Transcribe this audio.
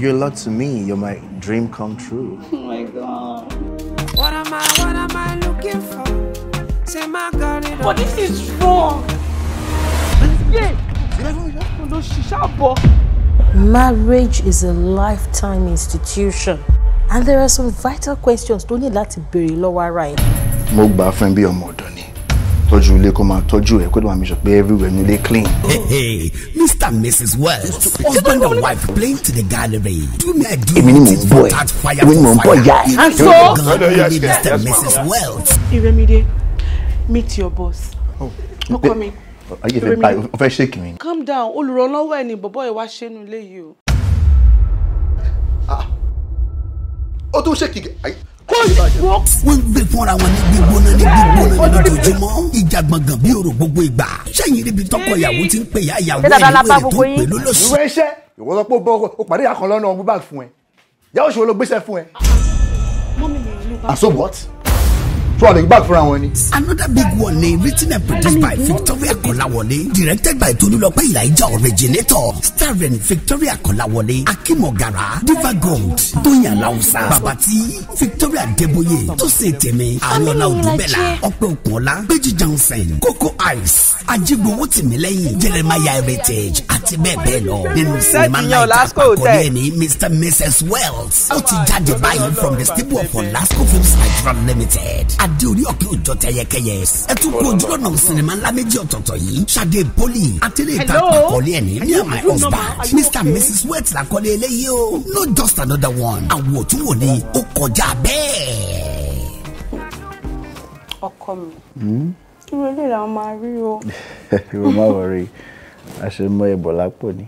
You're a lot to me. You're my dream come true. Oh my God. What am I, what am I looking for? Say my God, it this wrong. Marriage is a lifetime institution. And there are some vital questions Don't need that to be lower, right? gba fun bi omo odo tọ́jú ilé kó máa tọ́jú ẹ̀ kó dẹ̀ máa mi sọ pé everywhere nílé clean. Mr and Mrs Wells husband and wife playing to the gallery do me a do èmi ni mò ń bọ̀ ẹ̀ èmi ni mò ń bọ̀ yá ẹ̀. and so Mr Mrs Wells. Iremide meet your boss. ọkọ oh. mi oh, Iremide o fẹ́ ṣèkì mi. calm down olùrànlọ́wọ́ ẹ̀ ni bọ̀bọ́ ẹ̀ wá ṣẹ́nu ilé yìí o. Ah. ó tún ṣèkì. kó wọ́n ń gbé fúnra wọn ní gbígbóná ní gbígbóná ní ojoojúmọ́ ìjà gbọ̀ngàn bí òrò gbogbo ìgbà sẹ́yìn níbi tọkọ ìyàwó ti ń pè yá ìyàwó ẹ̀ ìwé tó pè lólóṣù. ìwé iṣẹ́ ìwọ sọ pé ó pàdé ìyá kan lọ́nà ọgbọ́n báàgì fún ẹ yàwó ṣòro ló gbéṣẹ́ fún ẹ. and so what? so àlè gbà fúnra wọn ni. another big one ni written and produced by Victoria Kolawole directed by Tolulope Elijah originator starring Victoria Kolawole Akimogara Diva Gold Tóyìn Aláùsá Babati Victoria Deboye Tósìn Tèmi Ariola Odubela Ọpẹ Okunola Péjú Johnson Coco Ice Ajigbowó Tìmílẹ́yìn Jeremiah Heritage àti bẹ́ẹ̀ bẹ́ẹ̀ lọ nínú sinimá náà ìtàkùnkọ̀lé ẹ̀ ní Mr Mrs Wells ó ti oh jáde báyìí from the stable of Olasco Films Nigeria Limited adéorí ọ̀kẹ́ òjọ tẹyẹkẹyẹ ẹ tún kó ojúlọ̀ náà sinimá ńlá méjì ọ̀tọ̀ọ̀tọ̀ yìí Sade Poli àtẹlẹ ìtàkùnkọ̀lé ẹ̀ ní ní àmà husband Mr Mrs Wells làkọ́lé eléyìí o no just another one àwọn òtún wò ni ó kọjá bẹ́ẹ̀ ọkọ mi. Hmm? irú eléyìí làwọn máa rí o. irú má wọrí àṣemọ ìbọ̀ lápò ni.